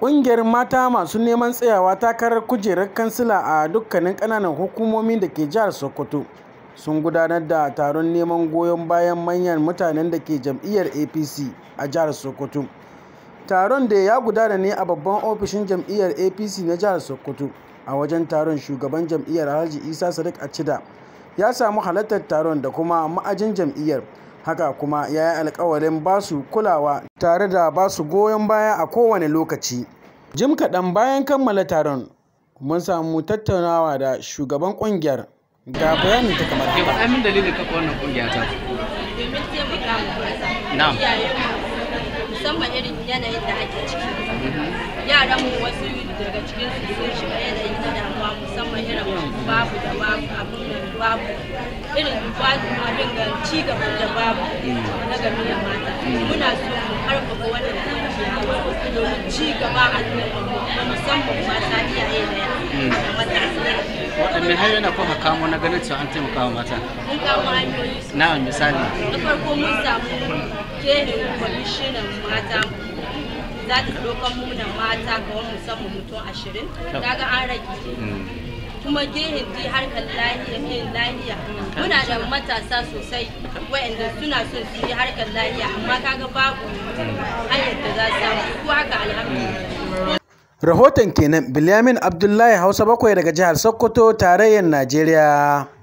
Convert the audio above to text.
Ƙungiyar mata masu neman tsayawa takarar kujerar kansila a dukkanin ƙananan hukumomi da ke jihar Sokoto sun gudanar da taron neman goyon bayan manyan mutanen da ke jam'iyyar APC a jihar Sokoto. Taron da ya gudana ne a babban ofishin jam'iyyar APC na jihar Sokoto. A wajen taron shugaban jam'iyyar Alhaji Isa Sadiq Acida ya samu halartar taron da kuma ma'ajin jam'iyyar. haka kuma ya yi alkawarin ba su kulawa tare da ba su goyon baya a kowane lokaci jim kaɗan bayan kammala taron mun samu tattaunawa da shugaban ƙungiyar ga bayanin ta kamar haka. amin dalilin kafa wannan ƙungiya ta. Na'am. Musamman irin yanayin da ake ciki. Yaran mu wasu daga cikin su sun shiga yanayin na damuwa musamman irin babu babu irin abin ga ci gaba da babu na game da mata muna so mu karfafa wannan kungiya domin ci gaba a duniya musamman mata iyaye da yara matasa waɗanne hanyoyi na kuka kamo na ganin cewa an taimaka wa mata? Mun kamo hanyoyi su. Na misali. Na farko mun samu kerin kwamishinan mata za ta ɗaukan mu da mata kawai musamman mutum ashirin. Kaga an rage. Mm. kuma gehen ji harkar lahiya lahiya muna da matasa sosai wa'anda suna son su yi harkar lahiya amma kaga babu hanyar da za su samu ko haka alhamdulillah Rahoton kenan Bilyamin Abdullahi Hausa bakwai daga jihar Sokoto tarayyar Najeriya.